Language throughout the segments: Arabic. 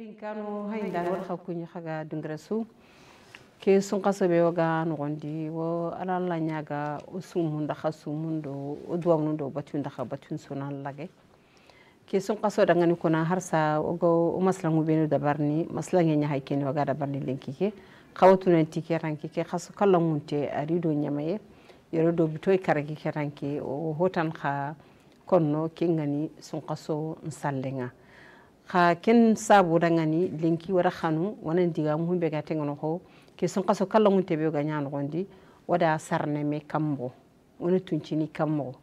kerin kanu hayndan wal khaku ni khaga dungrasu ke sun qasabe wa gan gondi wo ala la nyaga usum mun da khasum mun do o do mun do batu nda kha batu sun al lage ke sun qaso da ngani kuna harsa o go o maslangu benu da barni maslange nya hay ken wa ga da barni linki ke khawtu ne tike ranki ke khasu kallamun te ari do nyamaye yero do e karagi ke hotan konno ke ngani xa ken saabu dangani lenki wara xanu wana ndiga mu mbega tengono ho ke son qaso kala mu tebe ga nyaano gondi wada sarne me kambo wana tunci ni kambo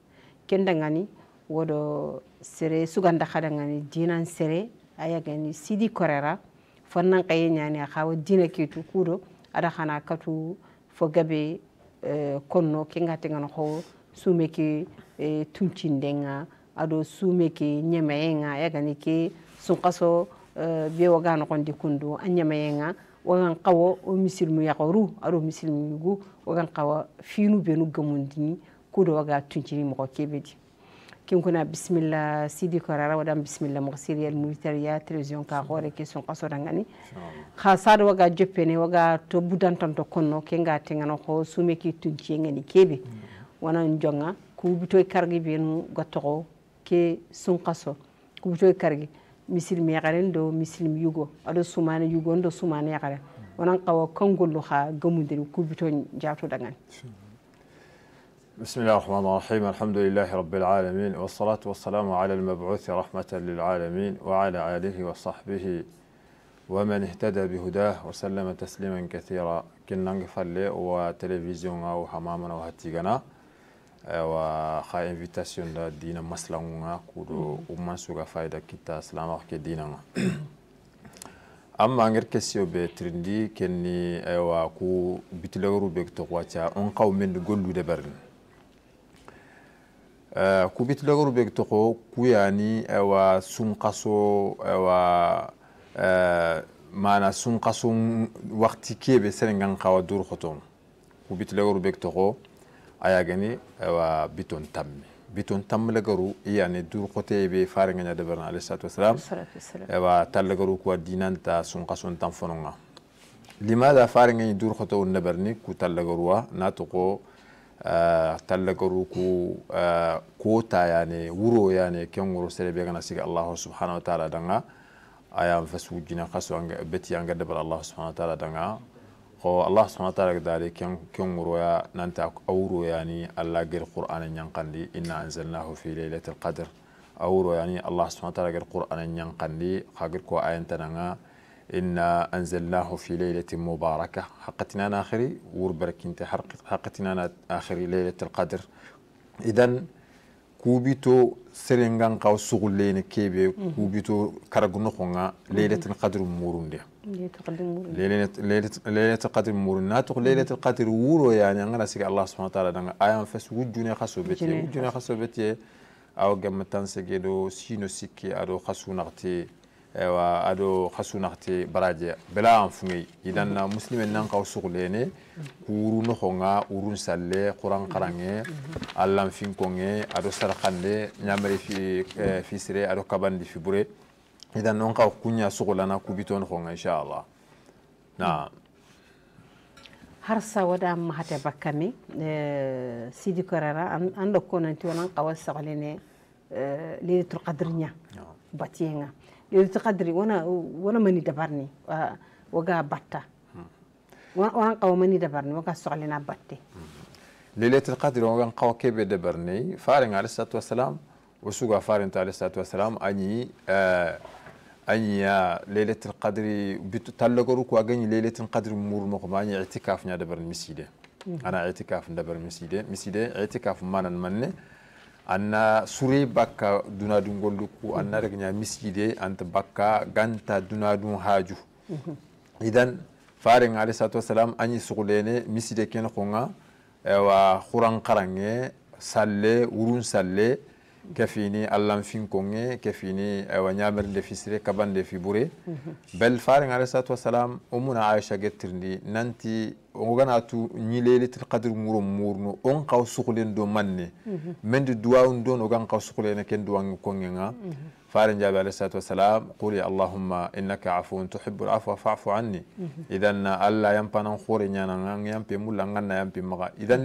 ken dangani wodo sere suganda xada ngani dinan sere aya gani sidi korera fonnan qaye nyaani xawo dina kitu kudo ada xana katu fo gabe eh, konno ke nga tengono ho sumeke eh, tunci ndenga ado sumeke nyemeenga aya gani ke sunqaso eh, biyewaga noqondi kundu anyamayenga wagan qawa o misilmu yaqoru aro misilmu yugu wagan qawa finu benu gamundini kudo waga tunchiri mogo kebedi kuna bisimila sidi karara wadan bisimila mogo siriyal militaria télévision ka gore ke qaso dangani khasar waga joppene waga to budan tanto konno kenga tengano ko sumeki tunci ngani kebe mm. wana jonga ku kargi benu gatogo ke sun qaso ku kargi misilimi yagaren دو misilimi yugo أدو sumana yugo دو sumana yagaren onan qawa kangollu xa gamundiri kubito jato dangan بسم الله الرحمن الرحيم الحمد لله رب العالمين والصلاة والسلام على المبعوث رحمة للعالمين وعلى آله وصحبه ومن اهتدى بهداه وسلم تسليما كثيرا كنا نغفر لي وتلفزيون أو حمامنا وهتيغنا aywa xa invitation da dina maslaŋo ŋa kudo u mansu mm. ga fayida kita silamaxu ke dina ŋa an maŋer kesio be tirindi kenni aywa ku bitilegoru be toxuwaca un xaw mendi gollu deberini uh, e, ku bitilegoru be toxo kuyani aywa sunxaso aywa uh, e, mana sunxaso waxti kebe senengan xawa dur xoton ku bitilegoru be toxo ayagani wa biton tammi biton tammile garu iyani dur kote be farengaña debarna alayhi salatu wasalam ewa talle garu kuwa dinanta sunka son tan fononga limada farengañi dur kote on debarni ku talle garuwa nato ko talle garu ku kota yani wuro yani kengoro serebe gana siga allahu subhanahu wa taala danga ayan fas wujjina kaso beti anga debar allahu subhanahu wa taala danga ko allah subhanahu wa ta'ala gdali ken ken wurwa nanta awro yani allah gel qur'an nyankandi inna anzalnahu fi lailatul qadr awro yani allah subhanahu wa ta'ala gel qur'an nyankandi khagir ko ayantananga inna anzalnahu fi lailatin mubarakah haqqatina akhiri wur barakinta haqqatina akhiri lailatul qadr idan كوبيتو سرينغان قاو سغلين كيبي كوبيتو كارغنو خونغا ليلة القدر مورون دي ليلة ليلة القدر مورون ناتق ليلة القدر وورو يعني أنا سيك الله سبحانه وتعالى دعنا آيان جوني وجونا خسو بتي وجونا خسو بتي أو جامتان سيكيدو سينو سيكي أدو خسو نغتي ewa ado khasunakti baraje bela anfungi idan na muslime nan kaw suglene kuru no khonga urun salle quran qarange allan fin konge ado sarkhande nyamari fi fi sire ado kabandi fi bure idan non kaw kunya suglana kubiton khonga inshallah na har sawada amma hata bakkami sidi korara ando konanti wonan qawa saglene lilitul qadrinya batiyenga جلست قدري وانا وانا ماني دبرني وقا بطة وانا قو ماني دبرني وقا سعلنا بطة ليلة القدر وانا قو كيف دبرني فارن عليه الصلاة والسلام وسوق فارن عليه الصلاة والسلام أني آه، أني ليلة القدر بتلقروك وأجني ليلة القدر مور مقماني اعتكاف نادبر المسيدة أنا اعتكاف ندبر المسيدة مسيدة اعتكاف مانا نمنه anna suri bakka dunadun golluku anna daga nya misjide anta bakka ganta dunadun haju idan farin alayhi salatu wassalam anyi sugulene misjide ken khonga ewa khuran qarange salle urun salle kefini allanfin konge kefini eh, wa ñamerle fisire kabande fi ɓure mhm. bel faring alayhisalatu wassalam umuna aicha gettirndi nanti ogana tu ñilelitir kadir muro murno on kaw suhlen do manne mhm. mende duwawun don ogan kaw suhlene ken duwangi konge ga mhm. فارن جابر عليه الصلاه والسلام قول يا اللهم انك عفو تحب العفو فاعف عني اذا الا ينبن خوري نعم، نانا ينبي مولا نانا ينبي مغا اذا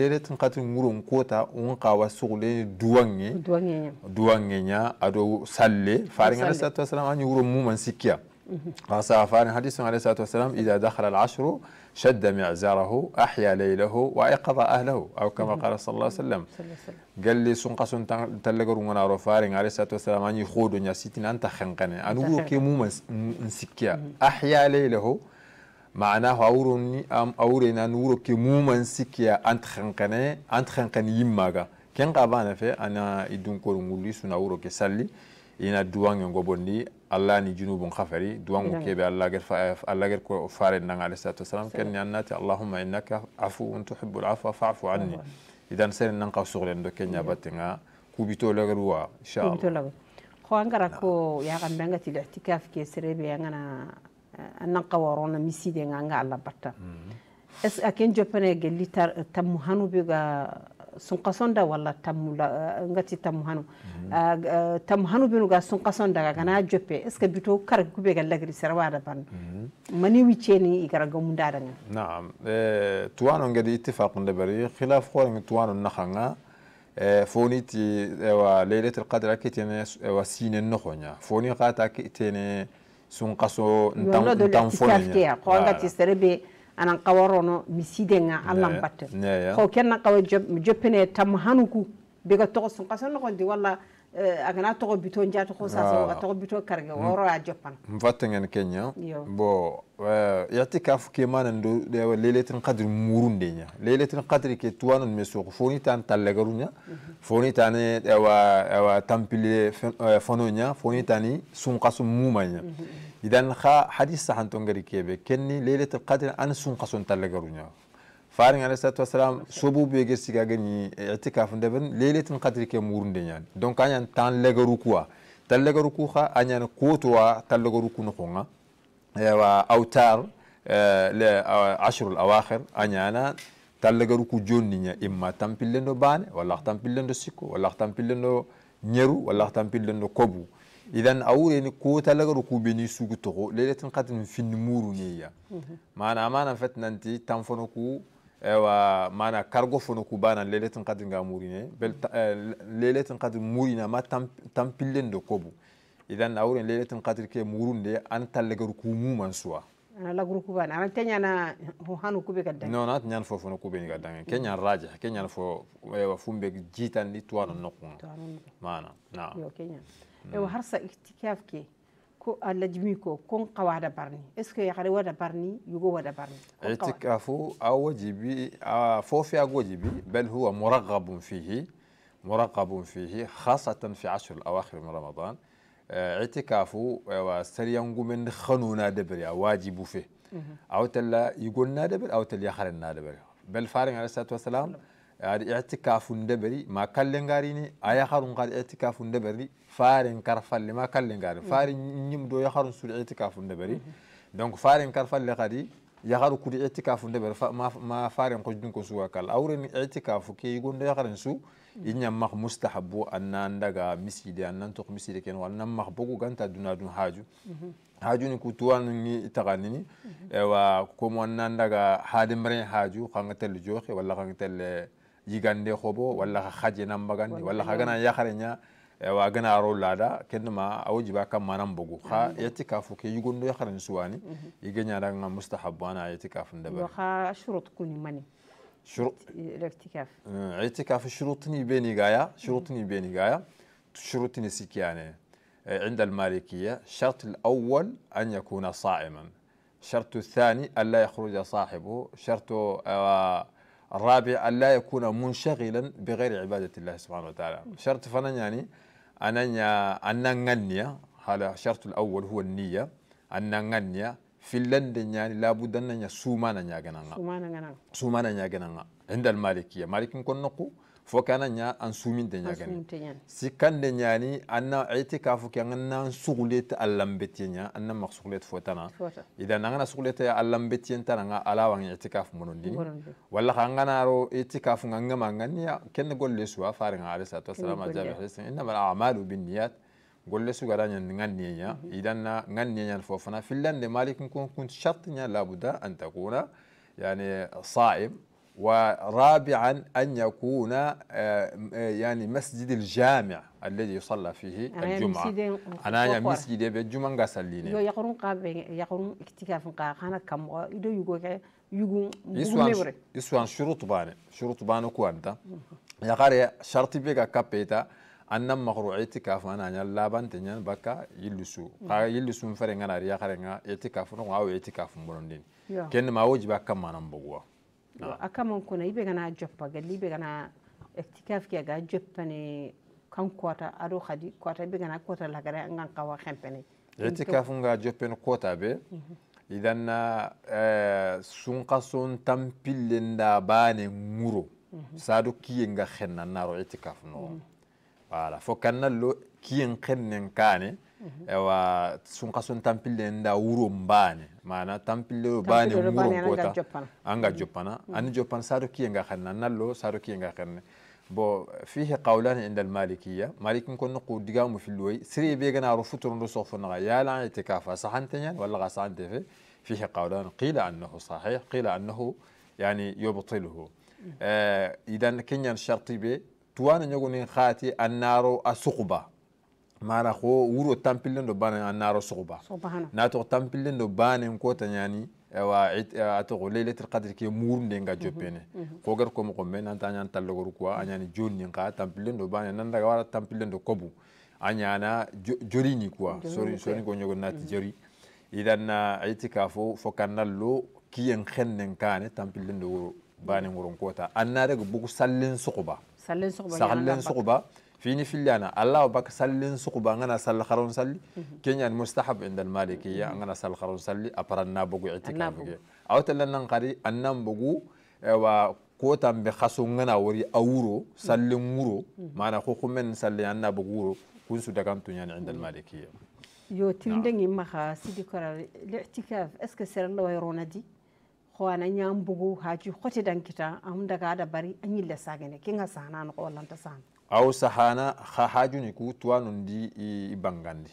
ليله تنقات مورون كوتا ونقا وسغل دوانغي دوانغي يعني. دوانغي يعني، ادو سالي فارن عليه الصلاه والسلام اني ورو مومن سكيا قال فعلا حديث عليه الصلاة والسلام إذا دخل العشر شد معزره أحيا ليله وأيقظ أهله أو كما قال صلى الله عليه وسلم قال لي سنقا تلقر من عرفارين عليه الصلاة والسلام أن يخود يسيتنا أنت خنقني أن وكي مو نسكيا أحيا ليله معناه أورني أم أورنا نورو كي مو منسكيا أنت خنقني أنت خنقني يمّا كان قابانا في أنا يدون كورو مولي سنورو كي سالي ina duwange gobondi allah ni junubun khafari duwangu Allah allahger ko fare nanga alayhi salatu wasalam kenni annati allahumma innaka afuun tuhibu lafwa fafu anni idan sen nang sere nanka sohlen do kenya battenga kuɓitologer wa Allah ko an gara ko yaxambe angati litikaf ke sereɓe angana annan qawarona miside nga anga allah batta es akin que a ken jopene gelli tammu hanuɓega sunqasonda walla tammula ngati tammu hanu tammu hanu binu ga sunqasondaga gana joppe est ce que bito kara gube ga lagri serwada ban mani wiceni igara gamundadanga naam tuwano ngadi ittifaqunde bari khilaf khorenga tuwano nakhanga فوني تي ليلة القدر كتير وسين النخونيا فوني قاتا كتير سنقصو نتنفونيا قوانا تستربي anan kawarono mi sidenga allan batte ko kenna kawa jopene tam hanuku bega to sun kasan di wala eh, agana to bito njaato ko sasa ah. waga to bito karge hmm. woro a ngene kenya bo eh, yati kafu ke manan do leletin qadri murunde nya leletin qadr ke tuwan me foni tan tallagaru mhm. foni tan ewa ewa tampile eh, fononya. foni tani sun muma إذا خا حديث صحن تنقري كيف كني ليلة القدر أنا سون قصون تلقرونيا فارن على سات وسلام سبوب بيجس تجاني اعتكاف دبن ليلة القدر كي مورن ديان يعني. دونك أنا تان لقرو كوا تلقرو كوا أنا كوتوا تلقرو كنخونا أوتار آه، ل آه، عشر الأواخر أنا أنا تلقرو كو دنيا إما تنبلندو بان ولا تنبلندو سكو ولا تنبلندو نيرو ولا تنبلندو كوبو idan ko talaga lagaru kubeni sugu togo leletin katin finni muru ya mana mana fet nanti tan fono ku ewa mana cargo fono ku bana leletin katin ga ne bel leletin muru na ma pillen do kobu idan awren leletin katin ke murunde an talaga lagaru ku muman suwa bana an tanya na ho hanu ku be dange no na tanya fo fono ku ka gadda ke ñan raja ke ñan fo ewa fumbe jitandi tuwano nokku mana na yo ke او إيوه، هرسا اكتكافكي كو لجميكو كون قوا ودا بارني اسكو يخري ودا بارني يغو ودا بارني اتكافو اوجيبي آه، فوفيا غوجيبي بل هو مرغب فيه مرقب فيه خاصة في عشر الأواخر من رمضان آه، اعتكافه آه، وسريان من خنونا دبري واجب فيه أو تلا يقول نادبر أو تلا يخرج نادبر بل فارغ عليه الصلاة والسلام ari i'tikafun deberi ma kallen garini a yaharun gar i'tikafun deberi faren karfalle ma kallen garin faren nyim do yaharun sur i'tikafun deberi donc faren karfalle gadi yaharu kudi i'tikafu deberi ma, ma faren kojun ko suwa kal awren i'tikafu ke gondo yaharen su inya mak mustahabu annan daga misidi annan tok misidi ken wal nan mak bogu ganta dunadun haju hajuni kutuwan ni taganini ewa ko mo nan daga hadimre haju kanga tel joxe wala kanga tel yigande hobo wala ha haje nambagandi wala ha gana yakare ña gana ro lada kenma awo jiba kam manam bugu kha yetti ka fo ke yugondo yakaren suwani yige ñadanga mustahabu ana yetti ka fo ndebe ha shurut kuni mani شروط الاعتكاف اعتكاف شروطني بيني غايا شروطني بيني غايا شروطني سكيانه عند المالكية الشرط الأول أن يكون صائما الشرط الثاني ألا يخرج صاحبه شرط الرابع أن لا يكون منشغلا بغير عبادة الله سبحانه وتعالى شرط فنان يعني أنا أن نغني هذا الشرط الأول هو النية يعني أن نغني في لندن يعني لابد أن سومانا نياغنانا سومانا نياغنانا عند المالكية مالك نكون نقو fo kana nya an sumin te nya gani si kan de nya ni anna aiti ka fo kan nan sugulet allambeti nya anna maksugulet fo tana idan nan na sugulet ya allambeti tana nga ala wan itikaf monon dini walla kan ngana ro itikaf nganga mangani ya ken golle suwa farin alaihi salatu wassalam ajabi hasan innamal a'malu binniyat golle su gara nyan ngan niya idan na ngan niya fo fana fillan de malikin kun kun shart nya labuda an takuna yani sa'im ورابعا أن يكون آه، آه، يعني مسجد الجامع الذي يصلى فيه يعني الجمعة أنا يا يعني مسجد الجمعة نغسلين يو يقرون قاب يقرون اكتكاف قاقانا كم يدو يقو يقو يسوان يسوان شروط بان شروط بان كوانتا يا قاري شرط بيغا كابيتا أن مغروع اعتكاف أنا أنا يعني لابن تنين بكا يلسو قا يلسو مفرنغا ناريا خرنغا اعتكاف نغاو اعتكاف مرندين كن ما وجبك كم أنا مبغوا Ah. a kamon kono yiɓe gana joppa galle yiɓe gana ectikafkia ga joppane kan kota aɗo hadi kota yiɓe gana kota lagare an gan kawa hempene ectikafu ga joppen kota ɓe mhm. idanna eh, sunka son tampillenda bane muro mhm. sadu kiyen ga hennan naro ectikafu no mhm. voilà fo kannallo kiyen hennen kane mm -hmm. ewa sunka son tampille nda wuro mbane mana tampille o bane wuro kota anga joppana ani joppana saro kiyenga xenna nallo saro kiyenga xenne bon fihi qawlan inda almalikiya malikin kon nuqu digamu filloy siri be gana ro futuro ndo soxfo naxa yala itikafa saxanteñan walla xa saxante fe fihi qawlan qila annahu sahih qila annahu yani yubtiluhu idan kenyan sharti be tuwana ñogonin xaati annaro a suqba mara ko wuro tampillen do bane an naro sogoba na tampillen do bane ko ta nyani wa eh, a togo lailatul ke murunde nga mhm, jopene ko mhm. gar ko mo ko men anta nyan tallogor ko anyani jonni nga tampillen do bane nan wara tampillen do kobu anyana jori ni quoi sori sori ko nyogo nati mhm. jori idanna ah, na itikafo fo kanallo kiyen xennen kane tampillen do wuro bane ngoron kota annare go bugu sallen sogoba sallen sogoba sallen sogoba فيني في اللي أنا الله وبك سلين سوق بعنا سل خرون سلي كنيا المستحب عند المالكية أنا سل خرون سلي أبرنا بقو اعتكاف أو تلنا نقري أنم بقو وكوتام بخسونا وري أورو سلين مورو ما أنا خو كمن سلي أنا بقورو كن سودكان تنيا يعني عند المالكية يو تندني نعم. ما خا سيدي كرا الاعتكاف أسكسر الله يرونا دي خوانا نيام بقو هاجي خوتي دان كتا أهم دقا دا بري أني لساقيني كينا سانا نقول لانتا سانا aw sahana niku ku di i bangandi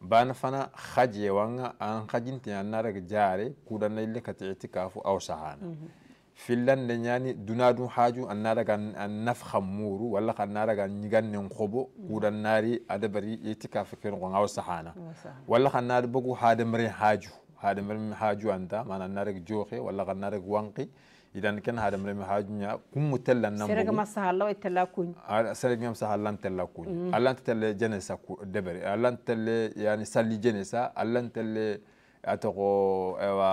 bana fana hajewanga an hajintiya narag jare kudanna ille kati itikafu aw sahana mm -hmm. fillande ñani dunadum haju an naraga an nafha muru walla ka naraga ñigannen xobo kuɗan naari adabari itikafe ken gon aw sahana wala ka naari bogu hademre haju hademre haju anta mana naraga jooxe walla ka naraga wanqi idan ken hada mre mi hajunya kum mutella nambu serega masahalla itella kun serega masahalla itella kun allah telle jenesa ku debere allah telle yani salli jenesa allah telle atoko ewa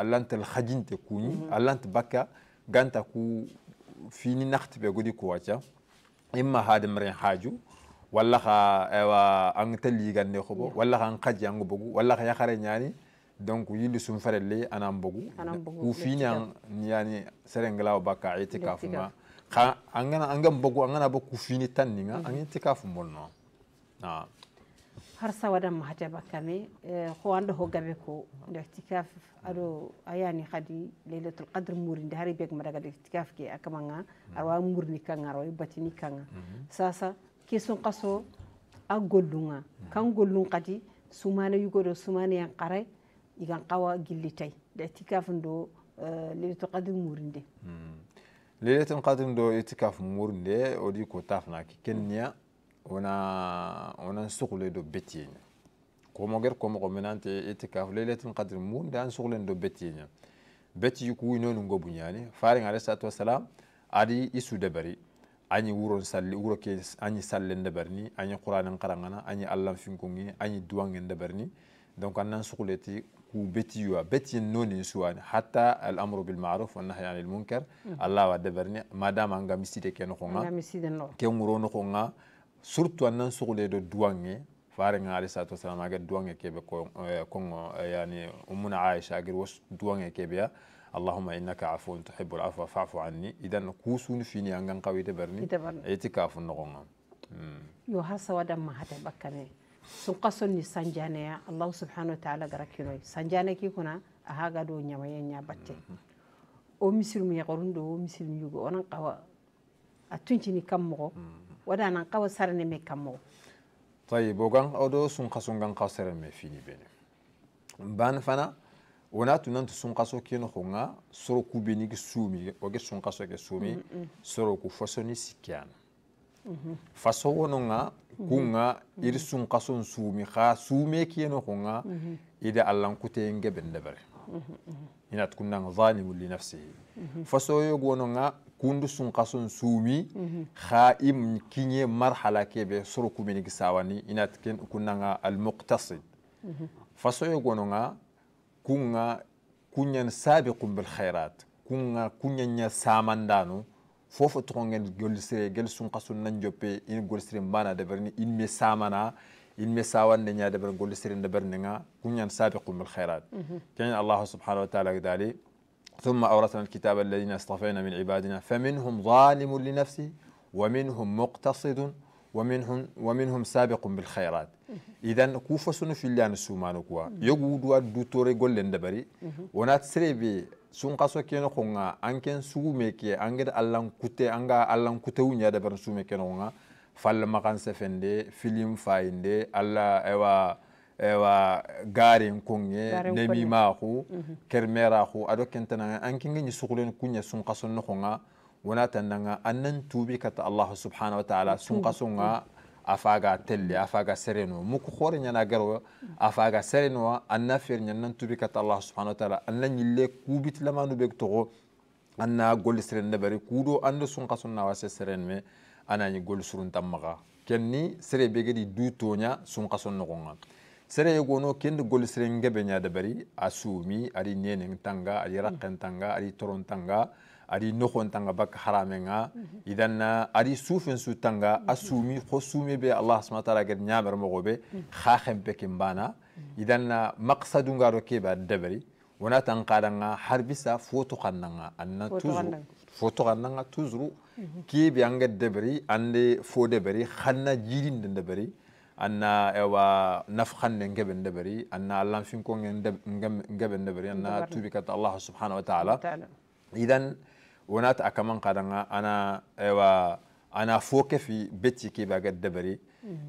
allah telle khajinte kuni allah baka ganta ku fini nakhti be godi ku wacha imma hada mre haju walla kha ewa an talli gande khobo walla kha an khaji an bogu walla kha yakhare nyani donc yilli sun ferelle anan bogu ku finan yani serenglaw baka ite kafuma kha angana angam bogu angana bo ku fini tanninga angin tikafu molno na mhm. ah. har sawada mahajaba kame ko eh, ando ho gabe ko nder tikaf ado ayani khadi laylatul qadr murin de hari beg madaga nder tikaf ke akamanga mhm. arwa murni kanga arwa batini kanga mhm. sasa kesun qaso a gollunga kan gollun qadi sumane yugo do sumane yan qarai igan qawa gillitay litikafin do lailatul qadr murinde lailatul qadr do itikaf murinde odi ko tafna ki kenya ona ona suqle do betiyenya ko mo ger ko mo menante itikaf lailatul qadr murinde an suqle do betiyenya beti yuku ino nungo bunyani faring alayhi salatu wassalam adi isu debari añi wuron salli wuro ke añi salle ndeɓer ni añi quranen qarangana añi allahn finkongini añi duwange ndeɓer ni donc annan suhleti وبتيوا بتي نون نسوان حتى الامر بالمعروف والنهي عن المنكر الله ودبرني ما دام انغا ميسيده كن خونغا كمورو نخونغا surtout anan sugule do duwange farenga alayhi salatu wasalam aga duwange kebe kongo yani umuna aisha agir was duwange kebe ya allahumma innaka afuwun tuhibbu alafwa fa'fu anni idan kusuni fini angan qawi de berni eti kafu nogonga yo hasa wadan ma hada bakkane sanjane ya allahu subhanahu wa taala gara kiloy sanjane ki kuna haga do ñamaya nya batte o ya qorun do wo mu yugo onan qawa a ni kam mo wada nan qawa sarne me kam mo tayib o gan o do sunkaso gan qaw sarne me fini bene ban fana wona sun nantu ki no xonga soro ku o ge sun sunkaso ge sumi soro ku fosoni sikkeyana faso nga kunga iri sun kason sumi ha sume kiyeno kunga ida allan kute ngebe Ina inat kunna zalimun li nafsi. faso yogo nga kundu sun kaso sumi ha im kinye marhala kebe soro kumini gisawani inat ken kunna al muqtasid faso yogo nga kunga kunyan sabiqun bil khairat kunga kunyanya samandanu fofo togongel gollisire gel sun qasun nan jope in mana de berni in me samana in me sawan nya de sawanne ña deber de ndeberne nga kunyan sabiqul sabiqum khairat keñan allah subhanahu wa taala dali ثم أورثنا الكتاب الذين اصطفينا من عبادنا فمنهم ظالم لنفسه ومنهم مقتصد ومنهم ومنهم سابق بالخيرات اذا كوفسون في اللان سومانو كوا يقودوا الدكتور يقول لندبري ونات سريبي sun kaso keno konga anken me ke anged allan kute anga allan kutewu ñadabar sume keno konga falla makan sefende film fainde alla ewa ewa garin konge nemimaku mhm. kermeraku aɗo kentananga ankengeñi sugulen kunya sun kaso nokonga wona tannanga annan tubi kata Allah subhanahu wa taala sun mhm. kaso mm afaga telli afaga sereno muku khore nyana garo afaga sereno anna fer nyana tubi kat Allah subhanahu wa ta'ala anna nyille kubit lamanu beg togo anna gol seren ne bari kudo ande sun qasun na wase seren me ana ni gol surun tamaga kenni sere bege di du tonya sun qasun no ngam sere no kend gol seren gebe nya de bari asumi ari nenen tanga ari raqen tanga ari toron tanga ari nokhon tanga bak nga idan ari sufin su tanga asumi ko sumi be allah subhanahu wa ta'ala gad nyamar mo gobe kha khempe kimbana idan maqsadu nga roke ba dabari wana tan qadanga harbisa foto qannanga anna tuzu foto qannanga tuzuru ki bi anga dabari ande fo dabari khanna jirin dabari anna ewa nafkhan ne ngeben dabari anna allah fin ko ngeben dabari anna tubikata allah subhanahu wa ta'ala idan ونات أكمن قدنا أنا إيوا أنا فوق في بيتي كي بقعد دبري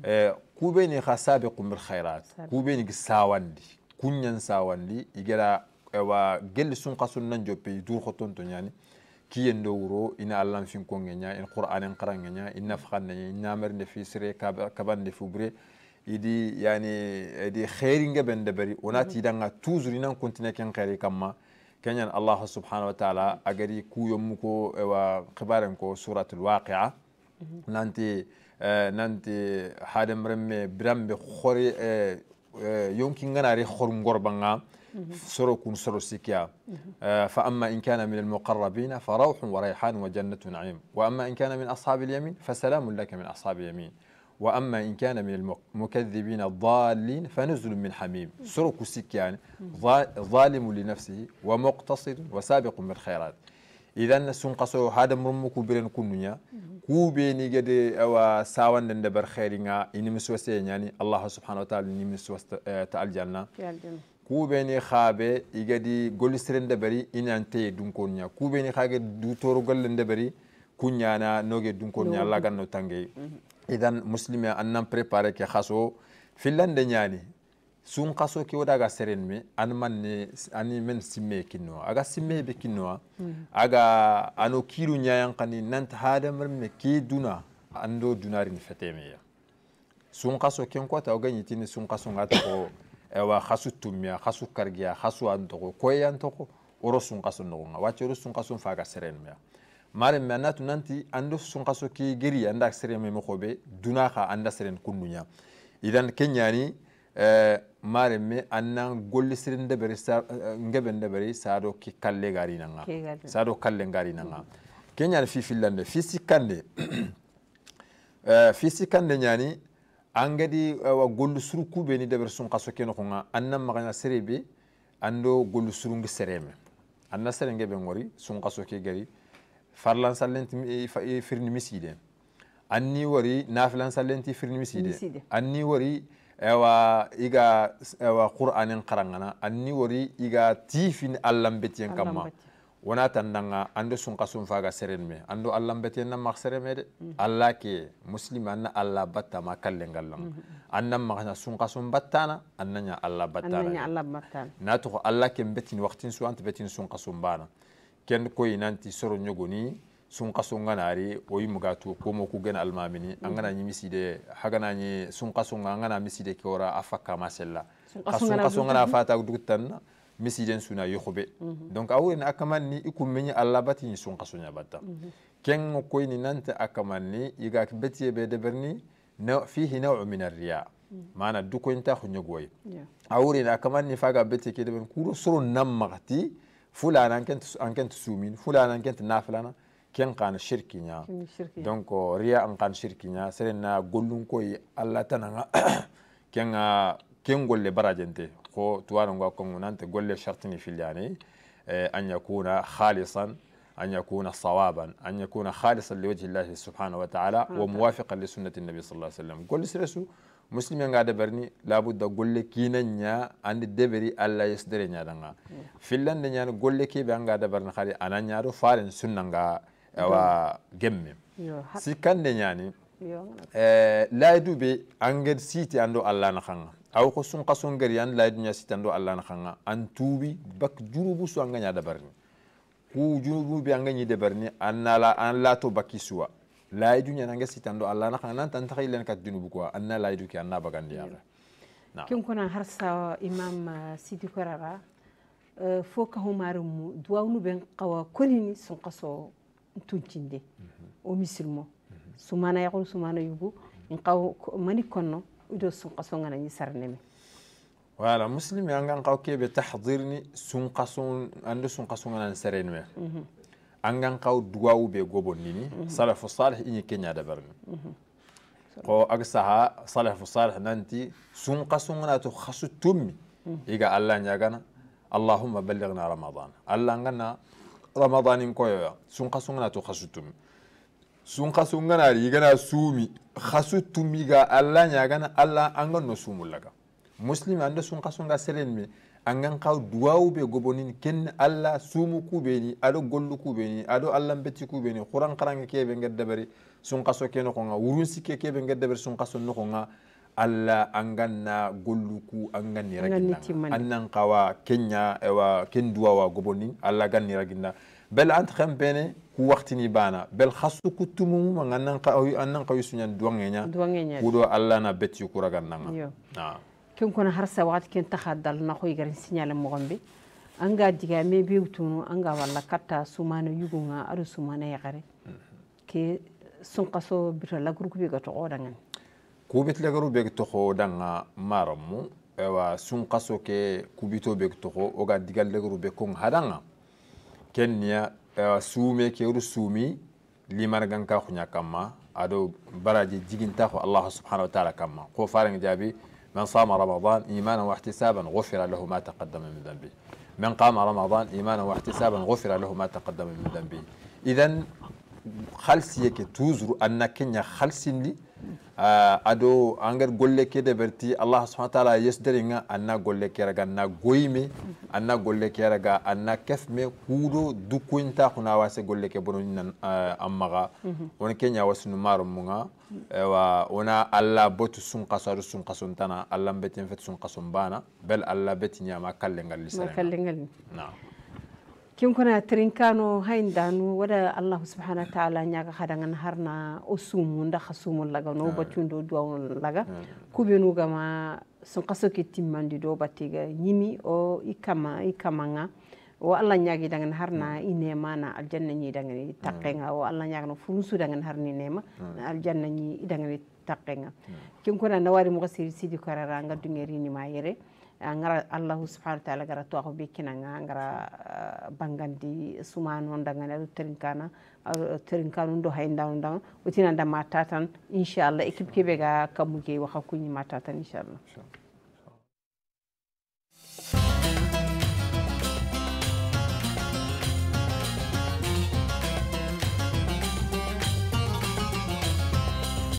إيه، كوبيني خسابي قم بالخيرات كوبيني ساواندي كونيان ساواندي يجرا إيوا جل سون قصون نجو بي دور خطون تنياني كي يندورو إن الله فين كونغنيا إن القرآن نقرأنيا إن نفخنيا إن نامر نفي سري كبان نفوبري idi yani idi khairinga bendeberi onati idanga toujours inan continue ken khairi كنيان الله سبحانه وتعالى أجري كويومكو وخبرنكو سورة الواقعة نانتي آه، نانتي حادم رمي برم بخوري آه، آه، يمكن أن أري خرم غربنا سركون سرسيكيا فأما إن كان من المقربين فروح وريحان وجنة نعيم وأما إن كان من أصحاب اليمين فسلام لك من أصحاب اليمين واما ان كان من المكذبين الضالين فنزل من حميم سرق سك يعني ظالم لنفسه ومقتصد وسابق بالخيرات اذا قصو هذا مرمكو برن كنيا كوبي نيجد او ساوان دند خيرنا ان اني يعني الله سبحانه وتعالى ان مسوس تعال آه، جنة كوبي خابي يجدي غول سرند بري ان انتي دونكونيا كوبي ني خاغي دو تورو غول دند كنيانا نوغي دونكونيا لا غانو تانغي idan muslimi nan prepare ke filan da ñani sun xaso ke wada ga seren me an man ne an yi min simme kinnoa aga simme be kinnoa mm. aga ano kiru nan ta hadamar me ke duna fete mi ya sun xaso ken kota o gañitini sun xaso nga toxo ewa xasu tummiya xasu kargiya xasu an toxo koye an oro sun xaso nga wacce oro sun fa faga seren ya mare me anatu nanti ando sun kaso ki geri anda sere me mokobe duna ka anda sere kundunya idan kenyani eh, mare me anan annan golli sirin da bari ngeben da sa do ki kalle gari nanga sa do kalle gari nanga kenyani fi filande fi sikande eh, fi sikande nyani angadi wa gol suru kube ni da bari sunka so keno kunga annan sere be ando gol golli sere me anna sere ngeben ngori sun kaso ki gari farlan sallenti firni miside anni wari nafilan sallenti firni miside anni wari ewa iga ewa qur'anin qarangana anni wari iga tifin allambetiyen kamma wona tandanga ando sunka sun faga seren me ando allambetiyen na mak seren me de alla ke muslim anna alla batta ma kallen gallam anna makna sunka sun battana annanya alla battana annanya alla battana natu alla ke betin waqtin su ant betin sunka sun bana ken koyi nanti soro ñogoni sunkaso nganari oyimugatu komo ku gen almamini mm. an gana ñi miside haganañi sunkaso nga an gana miside ke wora a fakkama sella ka sunkaso ngana fata dugutanna misiden suna yoxobe mm-hmm. donc a wuren a kaman ni i kummeñi alla batiñi sunkasoña batta mm-hmm. ken koyni nante a kaman ni i ga betiye be deberni fihi nawu min arriya mana mm. dukoyintaxo ñogoy a wuren a kaman ni faga betiye ke deɓen kuro soro nan maxati فلانا كانت ان كنت سومين فلانا كانت نافلانا كان قان الشركي نيا دونك ريا ان قان شركي نيا سرنا غولون كوي الله تانا كان كان غول براجنتي كو توارن غا كون نانت غول شرطني في يعني آه، ان يكون خالصا أن يكون صوابا أن يكون خالصا لوجه الله سبحانه وتعالى وموافقا لسنة النبي صلى الله عليه وسلم قل سرسو yang ada berni labu da golle kina nya andi deberi allah yasdere nya danga finland nya golle ke be anga da barni ananya anan farin sunna nga wa gemme sikande nya ni eh laidu be angel siti ando allah na khanga aw ko sun qasun gari yan laidu nya siti ando allah na khanga antubi bak jurubu so anga nya da berni ku jurubu be anga nyi da anala an la an lato layidu ñananga sitando allah naxa nan tan taxa ilen kat dunubu quoi an na layidu ke an na bagandiyaxe ken konan har sa imam sidi korara fo kahumarumu duwawnu ben qawa konini sunqaso tuncinde o misilmo sumana yaxunu sumana yugu in qaw mani konno ido sunqaso nganañi sarneme voilà muslimi angan qaw keɓe taxdirni sunqaso ande sunqaso nganan serenme angan kaw duwawu be gobo nini salafu salih inyi kenya da barni ko agsaha salafu salih nanti sun qasungna to khasu tummi iga allah nyagana allahumma ballighna ramadan allah ngana ramadan in koyo sun qasungna to khasu tummi sun qasungna rigana sumi khasu tummi ga allah nyagana allah angan no sumulaga muslim anda sun qasunga seren mi angan kaw duwawu be gobonin ken allah sumu kubeni aɗo gollu kubeni aɗo allah betti kubeni huran karange keɓe geddabari sunkaso ke nokonga wurun sikke keɓe geddabari sunkaso nokonga allah angan na gollu ku angan niraginna annan kawa kenya ewa ken duwawa gobonin allah gan niraginna bel anta kan bene ku waxtini bana bel xasu ku tumumuma annan kawi suñan duwangeña kuɗo allah na betti kuragannanga kenkuna har sa wakatiken taxa dalna xoy garin signalé moxonɓe anga anga walla katta sumana yugunga aɗo sumana yaxare ke sunqaso bito lagruku ɓega kubit lagaru ɓeg maramu ewa sunqaso ke kubito ɓeg toxo oga digal lagaru ɓe kon haɗanga ken niya ewa suume ke oɗo suumi limarganka xuña kamma aɗo baraji jiginta xo allah subhanau wa taala kamma ko farenga jabi من صام رمضان إيمانا واحتسابا غفر له ما تقدم من ذنبه من قام رمضان إيمانا واحتسابا غفر له ما تقدم من ذنبه إذا خلسيك توزر أنك خلسني Ah, ado anger golle kede berti allah subhanahu wa ta'ala yesderinga anna golle keraga na goyime anna golle ke raga anna kef kefme kudo dukuinta kuna wase golle ke bonon nan ah, ammaga on kenya wasnu maro munga wa ona allah botu sun qasaru sun qasun tana allah betin fet sun qasun bana bel allah betin ya ma kallengal lisan ma na kinkuna trinkano haindanu wada allah subhanahu wa ta'ala nyaga hadangan harna osumu nda khasumu laga no ah. bacundo duawno laga ah. kubenu gama sun kaso timmandi do batiga nyimi o ikama ikamanga o allah nyaagi dangan harna ah. inema na aljanna nyi dangan takenga o allah nyaga no furusu dangan harni nema na aljanna nyi dangan taqenga kinkuna nawari mo sidi kararanga dungeri ni mayere angara allahu subhanahu wa ta'ala gara to be nga angara eh, bangandi sumano dangane do terinkana eh, terinkanu do haynda ndan utina da matatan inshallah ekip kebe ga kamuke wa hakunyi matatan inshallah